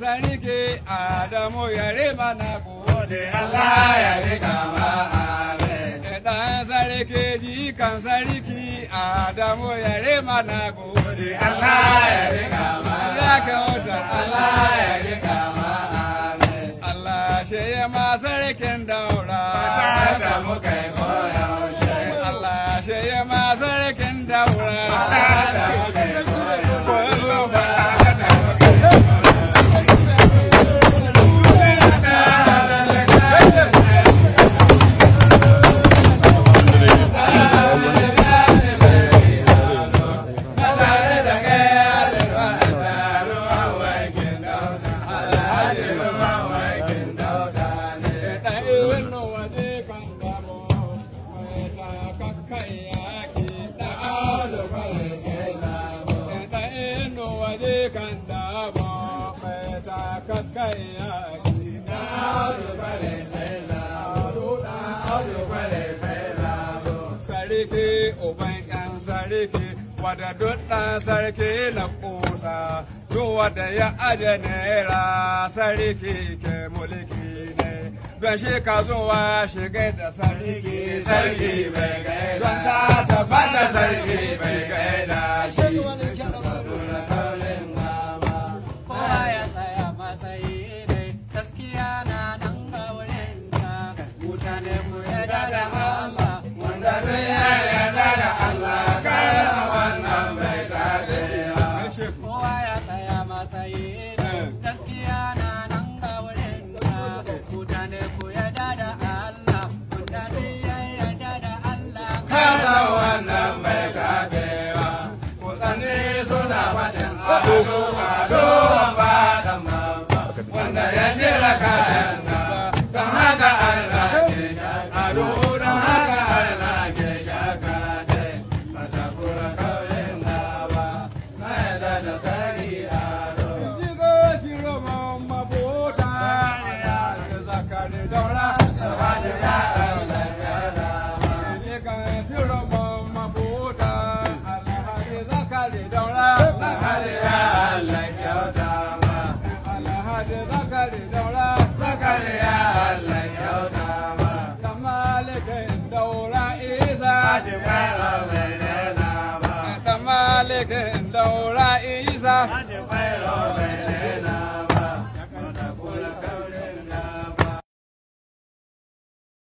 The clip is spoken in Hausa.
sarki Adamu yare mana gode Allah ya rika ma amin. Dan ji kan Adamu yare mana gode Allah ya rika ma Ya kauta Allah ya rika ma Allah ma sarkin daura. Fata Sarki uban ƴan sarki wada dudda sarki na kusa duk wada ya aje naira sarki ke mulki ne Ban shi ka zuwa shiga da sarki sarki bai gaida don ta tabbata sarki bai gaida shi I Tamale ke daura isa.